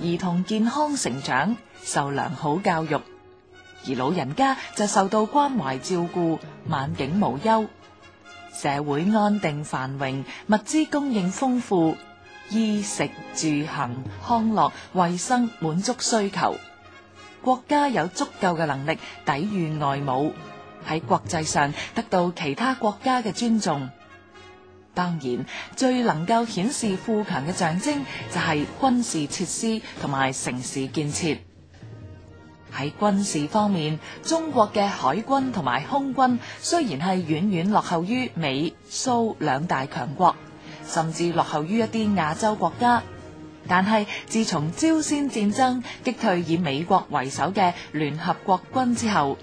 兒童健康成長，受良好教育；而老人家就受到關懷照顧，晚景無憂。社會安定繁榮，物資供應豐富，衣食住行、康樂、衛生滿足需求。國家有足夠嘅能力抵禦外侮，喺國際上得到其他國家嘅尊重。當然，最能夠顯示富強嘅象徵就係、是、軍事設施同埋城市建設。喺軍事方面，中國嘅海軍同埋空軍雖然係遠遠落後於美蘇兩大強國，甚至落後於一啲亞洲國家，但係自從朝鮮戰爭擊退以美國為首嘅聯合國軍之後，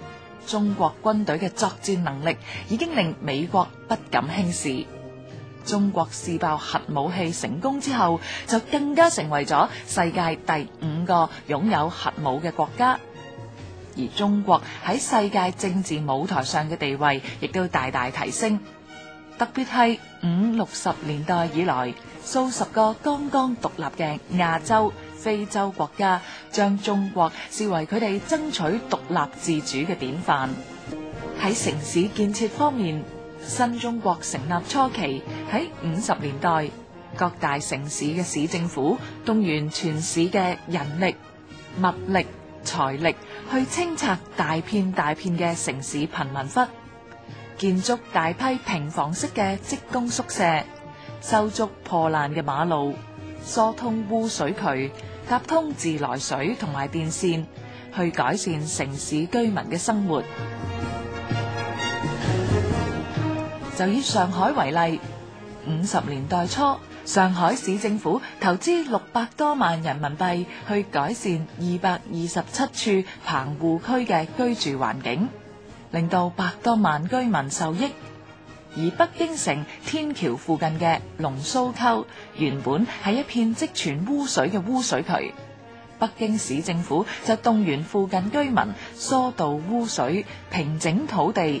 中國軍隊嘅作戰能力已經令美國不敢輕視。，中國試爆核武器成功之後，就更加成為咗世界第五個擁有核武嘅國家。而中國喺世界政治舞台上嘅地位，亦都大大提升。特別係五六十年代以來，數十個剛剛獨立嘅亞洲、非洲國家，將中國視為佢哋爭取獨立自主嘅典範。喺城市建設方面新中國成立初期喺五十年代，各大城市嘅市政府動員全市嘅人力、物力、財力，去清拆大片大片嘅城市貧民窟，建築大批平房式嘅職工宿舍，修築破爛嘅馬路，疏通污水渠，搭通自來水同埋電線，去改善城市居民嘅生活。就以上海為例，五十年代初，上海市政府投資六百多萬人民幣去改善二百二十七處棚戶區嘅居住環境，令到百多萬居民受益。而北京城天橋附近嘅龍鬚溝，原本係一片積存污水的污水渠，北京市政府就動員附近居民疏導污水，平整土地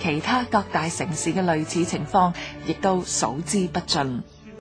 其他各大城市嘅類似情況，亦都數之不盡。